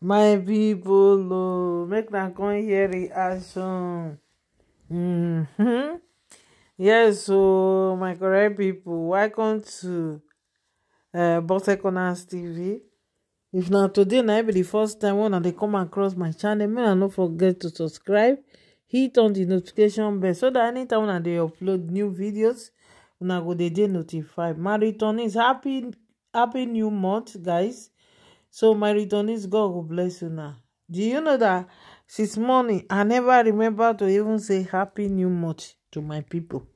my people, o make na come here reaction mm hmm yes o my correct pipo welcome to boxe corners tv if not today na be the first time one na dey come across my channel may i no forget to subscribe hit on the notification bell so that anytime una they upload new videos una go dey dey notified my return is happy happy new month guys so my returnees god will bless you now do you know that since morning i never remember to even say happy new month to my people.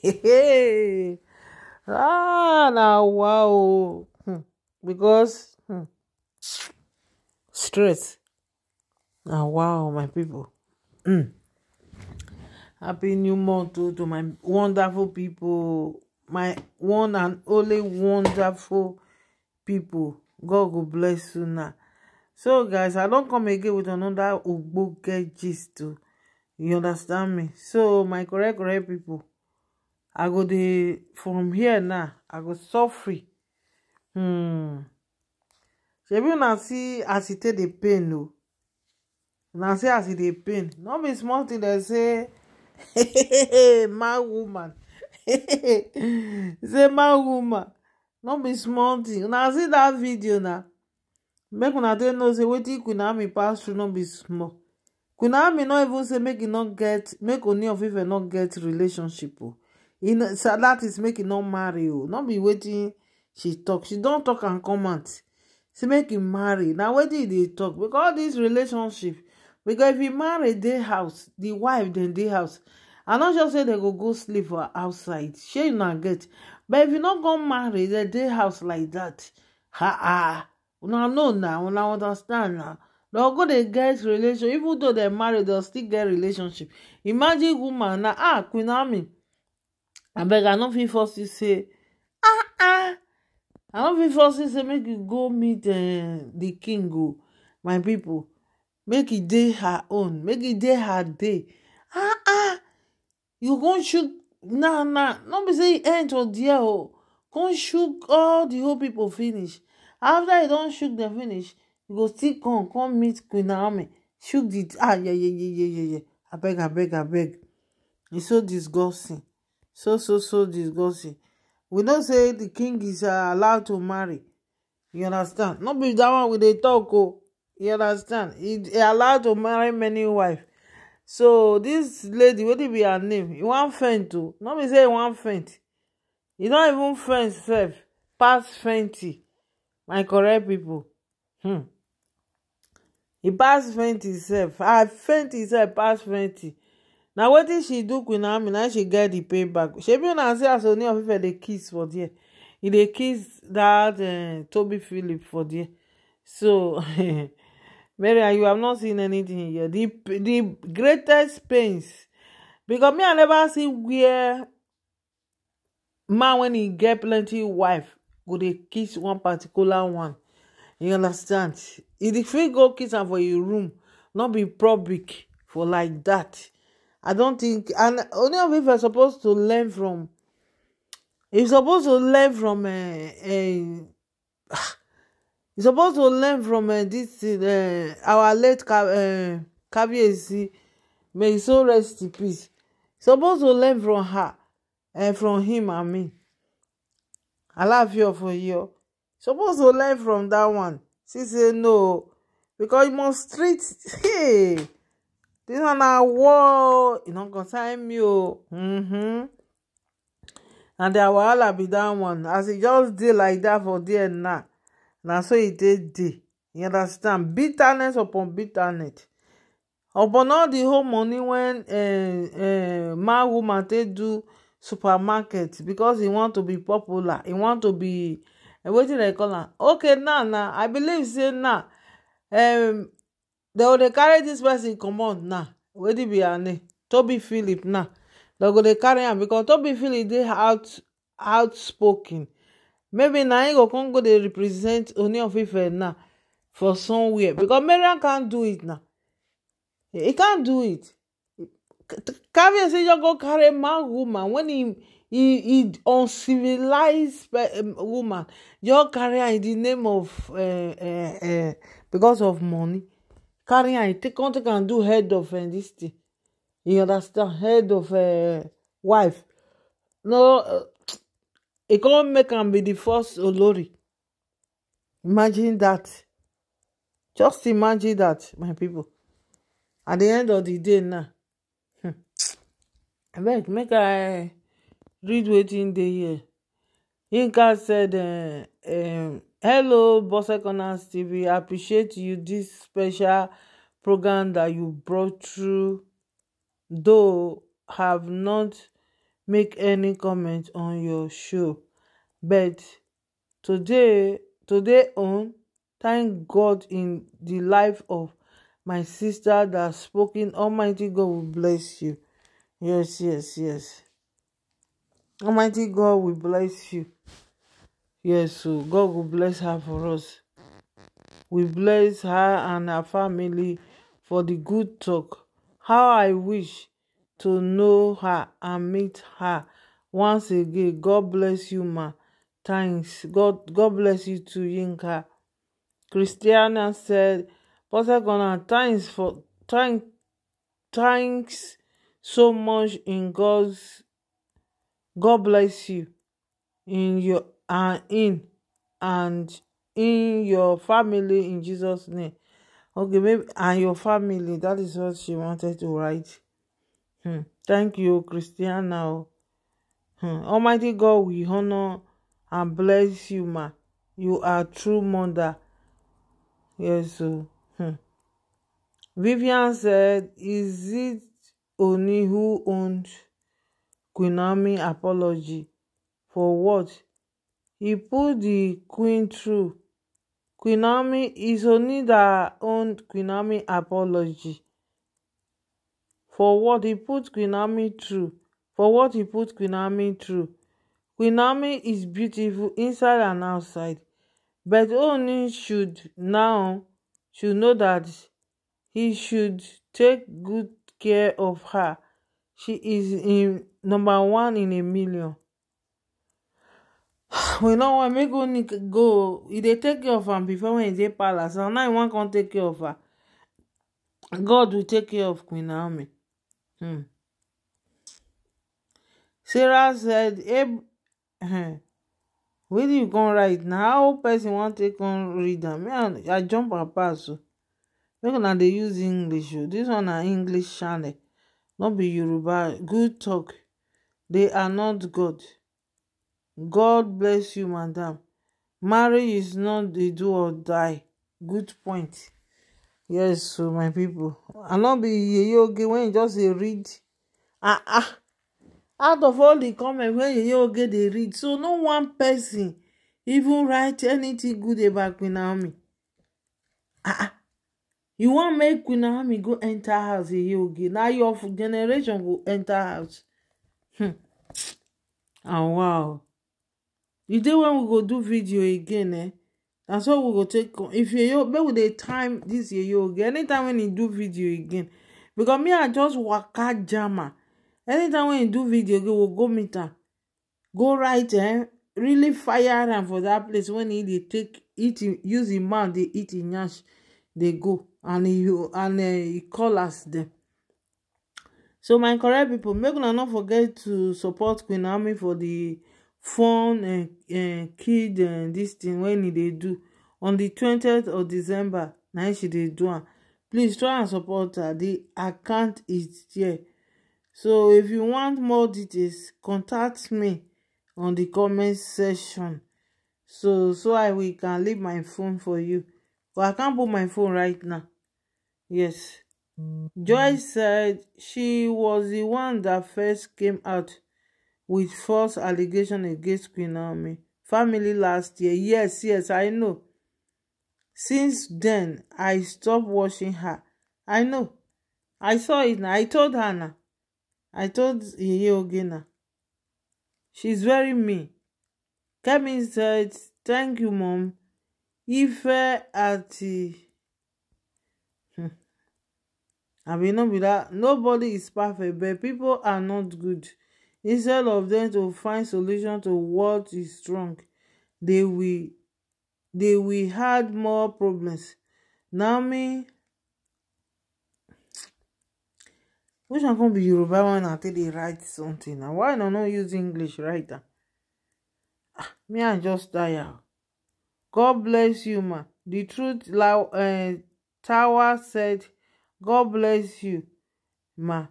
hey ah now wow hmm. because hmm. stress na wow my people. mm. happy new month to, to my wonderful people, my one and only wonderful people god will bless you now so guys i don't come again with another ogbonge gist o you understand me so my correct correct people, i go the from here now i go so free. hmm shebi una see as e take dey pain o una see as e dey pain no be small thing dem say man woman say man woman no be small thing una see that video na make una take know say wetin queen naomi pass through no be small queen naomi no even say make e no get make oni of even no get relationship oh. o that is make e no marry o oh. no be wetin she talk she don talk and comment say make e marry na wetin e dey talk because this relationship because if e marry dey house the wife dem dey house i not just say they go go sleep for outside you not get but if you not go marry dem dey house like dat ha ha una know na una understand now. They go dey get relation even though they marry they still get relationship imagine woman now. ah queen ami abeg i not fit forced to say ah ah i no fit forced to say make you go meet um, the king o my people make e day her own make e day her day ah you go chook now now no be say e end for there o oh. come chook all the whole people finish after you don chook dem finish you go still come come meet queen naomi chook the ah yeyeyeyeye abeg abeg abeg e so disgusting so so so disgusting we know say the king is uh, allowed to marry you understand no be that one we dey talk o oh. you understand He allowed to marry many wife so this lady wetin be her name e wan faint o oh. no be say e wan faint e don even faint sef pass fainty my correct people. hmm e pass fainty sef her fainty sef pass fainty na wetin she do queen naomi na she get the payback. back shebi una see as oni of ife dey kiss for there He dey kiss dat eh, Toby philip for there so Maria, you have not seen anything here. The the greatest pains. Because me, I never see where man when he get plenty wife go dey kiss one particular one. You understand? If the free go kiss am for your room, not be public for like that. I don't think and only of if you're supposed to learn from you're supposed to learn from uh, uh, you suppose to learn from uh, this uh, our late Ka uh, may his soul rest in peace you suppose to learn from her uh, from him I mean Alaafin of you. suppose to learn from that one she say no because you must treat hey this one na war e no concern me o oh. mm-hmm. and their wahala be that one as e just dey like that for there now na so e dey dey you understand bitterness upon bitterness upon all the whole money wen eh, eh, man woman take do supermarket because he want to be popular He want to be eh, wetin dem call am okay now now i believe say now um dem go dey carry dis person comot now wetin be her name toby philip now dem go dey carry am because toby philip dey outspoken maybe na im go come go dey represent oni of ife now for somewhere because mariam can't do it now he can't do it carry say just go carry man woman when he he he uncivilized um, woman just carry her in the name of uh, uh, uh, because of money carry her take come take am do head of uh, this thing you understand head of uh, wife no e come make am be the first olori imagine that. just imagine that, my people. at the end of the day now hmm. abeg make i read wetin dey here yinka said um, hello boseconance tv i appreciate you dis special program that you brought through though have not make any comment on your show but today today on thank god in the life of my sister that spoken almighty god will bless you yes yes yes almighty god will bless you yes so god will bless her for us we bless her and her family for the good talk how i wish to know her and meet her once again god bless you ma thanks god god bless you too Yinka Christiana said Pastor Gunnar thanks for thank thanks so much in God's God bless you in your and in and in your family in Jesus name okay maybe and your family that is what she wanted to write Hmm. Thank you, Christiana. Hmm. Almighty God, we honor and bless you, ma. You are true mother. Yes. Hmm. Vivian said, Is it only who owned Queen Naomi apology? For what? He put the queen through. Queen Naomi is only that owned Queen Naomi apology for what he put Queen through for what he put Queen through Queen is beautiful inside and outside but Ooni should now should know that he should take good care of her she is in number one in a million we know wan make Ooni go e dey take care of am before when e dey palace and now e wan come take care of her God will take care of Queen Naomi Hmm. sarah said ab eh, wetin you come write now? how person want to come read am me i jump am pass o oh. make una dey use english o oh. one na english channel not be yoruba good talk they are not god god bless you madam marriage is not the do or die good point yes so my people. i no be yeye when you just dey read ah ah out of all the comment wey yeye dey read so no one person even write anything good about queen ah ah you wan make queen go enter house yeye na your generation go enter house hmm and ah, wow e dey when we go do video again eh That's so we go take come if yoyo make we dey time dis yoyo again anytime when e do video again because me i just waka Jama. am anytime when e do video again we go meet am go write eh really fire am for that place When he dey take eat use im mouth dey eat im yansh dey go and he eh, call as dem so my correct people, make una no forget to support queen naomi for the phone and uh, kid uh, this thing When e they do on the twentieth of december na she they do am please try and support her di account is there so if you want more details contact me on the comment section so so i we can leave my phone for you but i can't put my phone right now yes joy said she was the one that first came out with false allegation against Queen Naomi family last year. Yes, yes, I know. Since then, I stopped watching her. I know. I saw it I told her now. I told Yeye She's very mean. Kemi said, Thank you, Mom. Ife ati. Hmm. I mean, no be that. Nobody is perfect, but people are not good instead of them to find solution to what is wrong they will they will had more problems Naomi which one come be Yoruba one na take dey write something na why una no use English write am ah me I just tire ah. God bless you ma the truth la uh, eh, tower said God bless you ma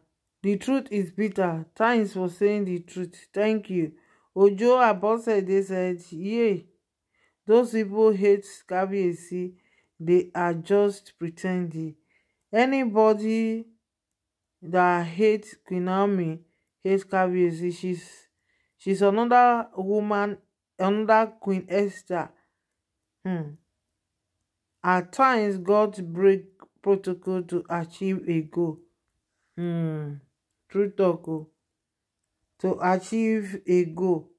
The truth is bitter. Thanks for saying the truth. Thank you. Ojo Abosede said, Yay. Those people hate Kabiyesi. They are just pretending. Anybody that hates Queen hates Kabiyesi. She's she's another woman, another Queen Esther. Hmm. At times, God break protocol to achieve a goal. Hmm true talk oh, to achieve a goal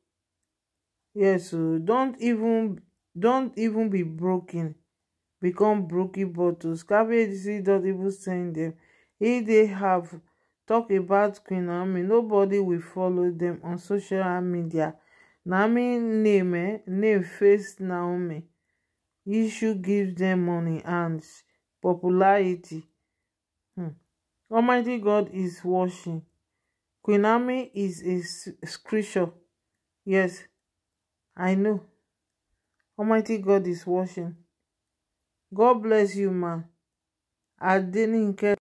yes oh, don't even don't even be broken become broken bottles Kabiyesi don't even send them if they have talk about Queen Naomi nobody will follow them on social media Naomi name eh name face Naomi you should give them money and popularity hmm. Almighty God is watching. Queen Naomi is a scripture. Yes, I know. Almighty God is watching. God bless you, man. I didn't care.